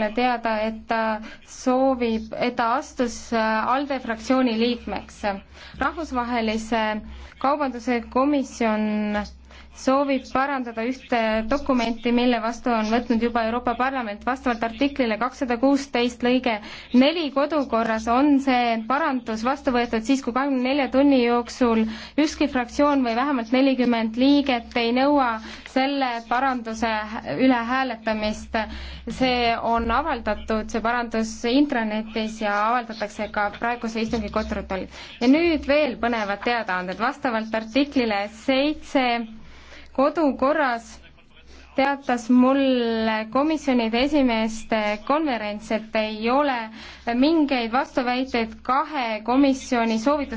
mulle teada, et ta soovib, et ta astus äh, ALDE fraktsiooni liikmeks. rahvusvahelise kaubanduse komisjon soovib parandada ühte dokumenti, mille vastu on võtnud juba Euroopa Parlament. vastavalt artiklile kakssada kuusteist lõige neli kodukorras on see parandus vastu võetud siis, kui kahekümne nelja tunni jooksul ükski fraktsioon või vähemalt nelikümmend liiget ei nõua selle paranduse üle hääletamist. see on avaldatud, see parandus intranetis ja avaldatakse ka praeguse istungi kodukorras protokoll. ja nüüd veel põnevad teadaanded. vastavalt artiklile seitse kodukorras teatas mulle komisjonide esimeeste konverents, et ei ole mingeid vastuväiteid kahe komisjoni soovitustele